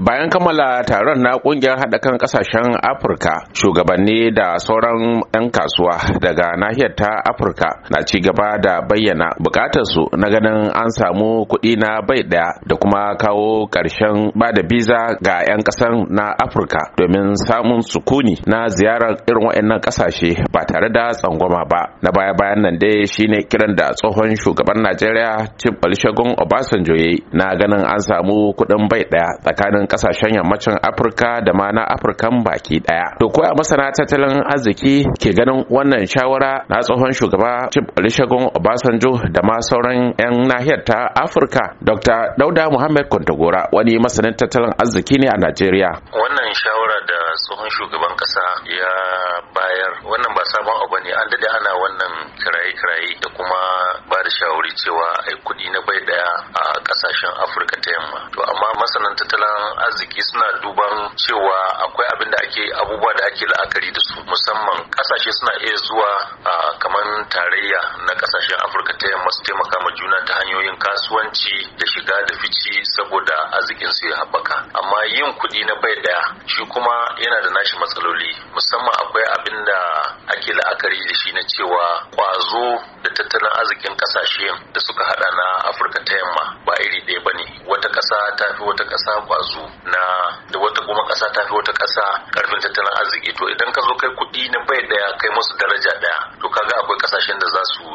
bayan kammala taron na kungiyar haɗa kan ƙasashen afirka shugabanni da sauran 'yan kasuwa daga nahiyar ta afirka na ci gaba da bayyana bukatarsu na ganin an samu kuɗi na bai ɗaya da kuma kawo ƙarshen ba da biza ga 'yan ƙasan na afirka domin samun sukuni na ziyarar irin waɗannan ƙasashe ba tare da tsangwama ba na baya bayan nan dai shine kiran da tsohon shugaban najeriya cin olusegun obasanjo na ganin an samu kuɗin bai ɗaya tsakanin kasashen yammacin afirka da ma na afirkan baki daya to ko a masana tattalin arziki ke ganin wannan shawara na tsohon shugaba chief olusegun obasanjo da ma sauran 'yan nahiyar ta afirka dr dauda muhammad kontagora wani masanin tattalin arziki ne a najeriya wannan shawara da tsohon shugaban kasa ya bayar wannan ba sabon abu ne an dade ana wannan kiraye-kiraye da kuma da shawari cewa ai kuɗi na bai daya a ƙasashen Afirka ta yamma. To amma masanan tattalin arziki suna duban cewa akwai abin da ake abubuwa da ake la'akari da su musamman kasashe suna iya zuwa kamar tarayya na ƙasashen Afirka ta yamma su taimaka ma juna ta hanyoyin kasuwanci da shiga da fici saboda arzikin su ya haɓaka. Amma yin kuɗi na bai daya shi kuma yana da nashi matsaloli musamman akwai abin da ake la'akari da shi na cewa kwazo tattalin arzikin kasashe da suka hada na afirka ta yamma ba iri ɗaya ba ne wata ƙasa ta fi wata ƙasa kwazo na da wata kuma ƙasa ta fi wata ƙasa ƙarfin tattalin arziki to idan ka zo kai kuɗi na bai ɗaya kai musu daraja ɗaya to kaga akwai ƙasashen da za su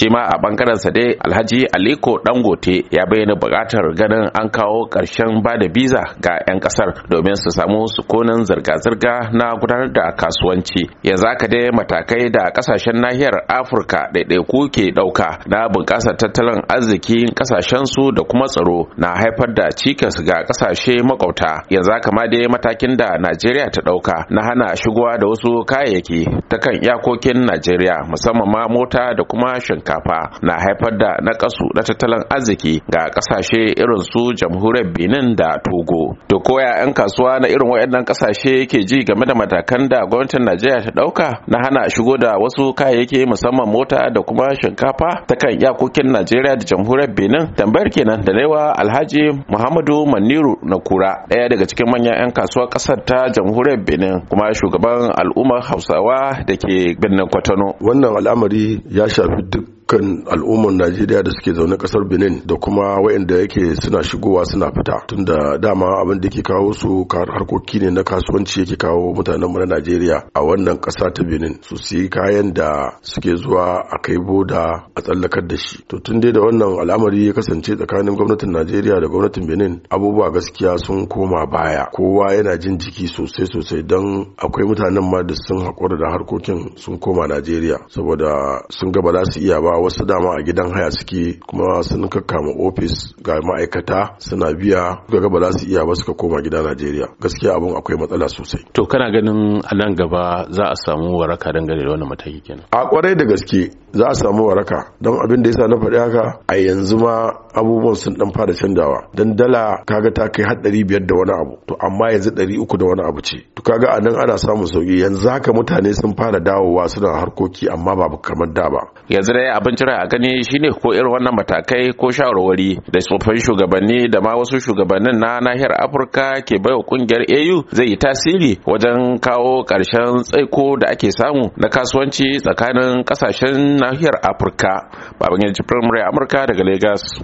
shi ma a bangaren sa dai alhaji aliko dangote ya bayyana buƙatar ganin an kawo ƙarshen bada biza ga 'yan ƙasar domin su samu sukunin zirga-zirga na gudanar da kasuwanci yanzu haka dai matakai da ƙasashen nahiyar afirka ɗaiɗaiku ke ɗauka na bunƙasar tattalin arzikin ƙasashen su da kuma tsaro na haifar da cikas ga ƙasashe makwabta yanzu haka ma dai matakin da najeriya ta ɗauka na hana shigowa da wasu kayayyaki ta kan iyakokin najeriya musamman ma mota da kuma shinkafa shinkafa na haifar da nakasu na tattalin arziki ga kasashe irin su jamhuriyar benin da togo to koya 'yan kasuwa na irin waɗannan kasashe ke ji game da matakan da gwamnatin najeriya ta ɗauka na hana shigo da wasu kayayyaki musamman mota da kuma shinkafa ta kan iyakokin najeriya da jamhuriyar benin tambayar kenan da naiwa alhaji muhammadu maniru na kura ɗaya daga cikin manyan 'yan kasuwa ƙasar ta jamhuriyar benin kuma shugaban al'ummar hausawa da ke birnin kwatano wannan al'amari ya shafi duk dukkan al'ummar najeriya da suke zaune kasar benin da kuma waɗanda yake suna shigowa suna fita tunda dama abin da ke kawo su harkoki ne na kasuwanci yake kawo mutanen na najeriya a wannan ƙasa ta benin su siyi kayan da suke zuwa a kai boda a tsallakar da shi to tun dai da wannan al'amari ya kasance tsakanin gwamnatin najeriya da gwamnatin benin abubuwa gaskiya sun koma baya kowa yana jin jiki sosai sosai don akwai mutanen ma da sun haƙura da harkokin sun koma najeriya saboda sun gaba za su iya ba wasu dama a gidan haya suke kuma sun kakkama ofis ga ma'aikata suna biya ga ba za su iya ba suka koma gida najeriya gaskiya abun akwai matsala sosai to kana ganin a nan gaba za a samu waraka dangane da wannan mataki kenan a kwarai da gaske za a samu waraka don abin da yasa na faɗi haka a yanzu ma abubuwan sun dan fara canjawa don dala kaga ta kai har ɗari biyar da wani abu to amma yanzu ɗari uku da wani abu ce to kaga a nan ana samun sauki yanzu haka mutane sun fara dawowa suna harkoki amma ba kamar da ba yanzu dai abin jira a gani shine ko irin wannan matakai ko shawarwari da tsofaffin shugabanni da ma wasu shugabannin na nahiyar afirka ke baiwa kungiyar au zai yi tasiri wajen kawo ƙarshen tsaiko da ake samu na kasuwanci tsakanin ƙasashen nahiyar afirka babban yanci firamare amurka daga Legas.